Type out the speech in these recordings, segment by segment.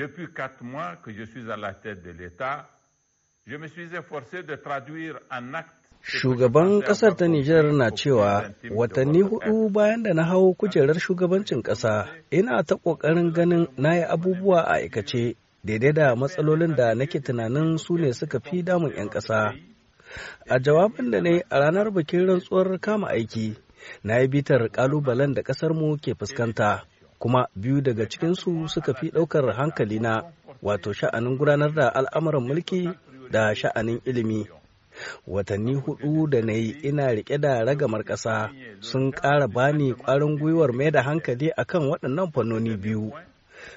Depuis quatre mois que je suis à la tête de l'État, je me suis efforcé de traduire en acte Shugaban ƙasar ta Nijar na cewa watanni hudu bayan da na hau kujerar shugabancin ƙasa ina ta ƙoƙarin ganin na yi abubuwa a aikace daidai da matsalolin da nake tunanin su ne suka fi damun 'yan ƙasa. A jawabin da ne a ranar bikin rantsuwar kama aiki, na yi bitar ƙalubalen da ƙasarmu ke fuskanta. kuma biyu daga cikinsu suka fi ɗaukar hankali na wato sha'anin gudanar da al'amuran mulki da sha'anin ilimi watanni hudu da na yi ina riƙe da ragamar ƙasa sun ƙara bani ƙwarin gwiwar mai da hankali akan waɗannan fannoni biyu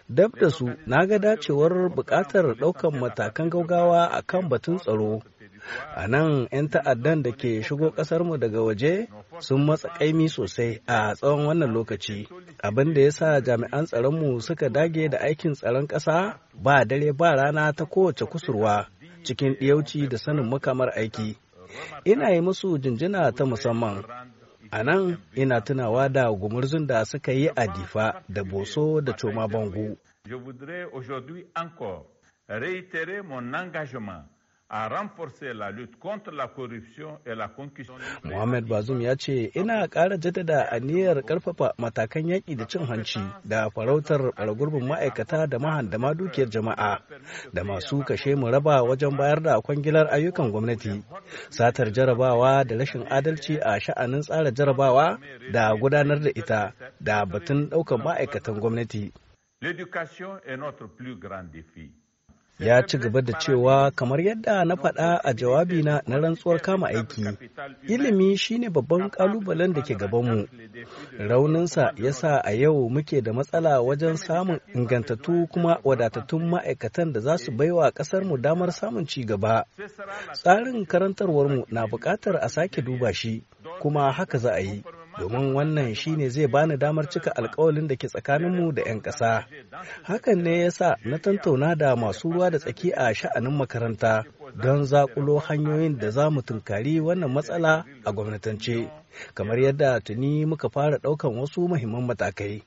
dab da su na ga dacewar buƙatar ɗaukan matakan gaugawa akan batun tsaro a nan 'yan ta'addan da ke shigo ƙasarmu daga waje sun matsa ƙaimi sosai a tsawon wannan lokaci abin da ya sa jami'an tsaronmu suka dage da aikin tsaron ƙasa ba dare ba rana ta kowace kusurwa cikin ɗiyauci da sanin makamar aiki ina yi musu jinjina ta musamman a nan ina tunawa da gumurzun da suka yi a difa da boso da coma bangu Je a renforcer la lutte contre la corruption et la concussion. Mohamed Bazoum ya ce ina ƙara jaddada aniyar ƙarfafa matakan yaƙi da cin hanci da farautar ɓargurbin ma'aikata da mahandama dukiyar jama'a da masu kashe mu raba wajen bayar da kwangilar ayyukan gwamnati, satar jarabawa da rashin adalci a sha'anin tsara jarabawa da gudanar da ita da batun ɗaukar ma'aikatan gwamnati. L'éducation est notre plus grand défi. ya ci gaba da cewa kamar yadda na faɗa a jawabina na rantsuwar kama aiki ilimi shine babban kalubalen da ke gabanmu rauninsa ya sa a yau muke da matsala wajen samun ingantattu kuma wadatattun ma'aikatan da za su baiwa ƙasarmu damar samun ci gaba tsarin karantarwarmu na buƙatar a sake duba shi kuma haka za a yi domin wannan shine zai bani damar cika alkawalin da ke tsakaninmu da 'yan ƙasa. Hakan ne ya sa na tantauna da masu ruwa da tsaki a sha'anin makaranta don zaƙulo hanyoyin da za mu tunkari wannan matsala a gwamnatance, kamar yadda tuni muka fara ɗaukan wasu muhimman matakai.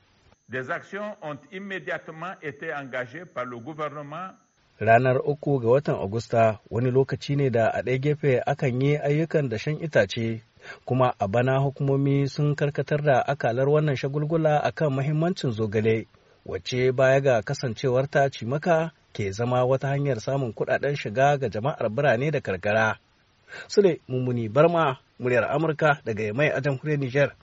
ranar uku ga watan Agusta wani lokaci ne da a ɗaya gefe akan yi ayyukan da shan itace kuma a bana hukumomi sun karkatar da akalar wannan shagulgula a kan mahimmancin zogale wacce baya ga kasancewar kasancewarta cimaka ke zama wata hanyar samun kudaden shiga ga jama'ar birane da karkara. Sule Mummuni Barma, muryar Amurka daga Yamai a jamhuriyar Nijar.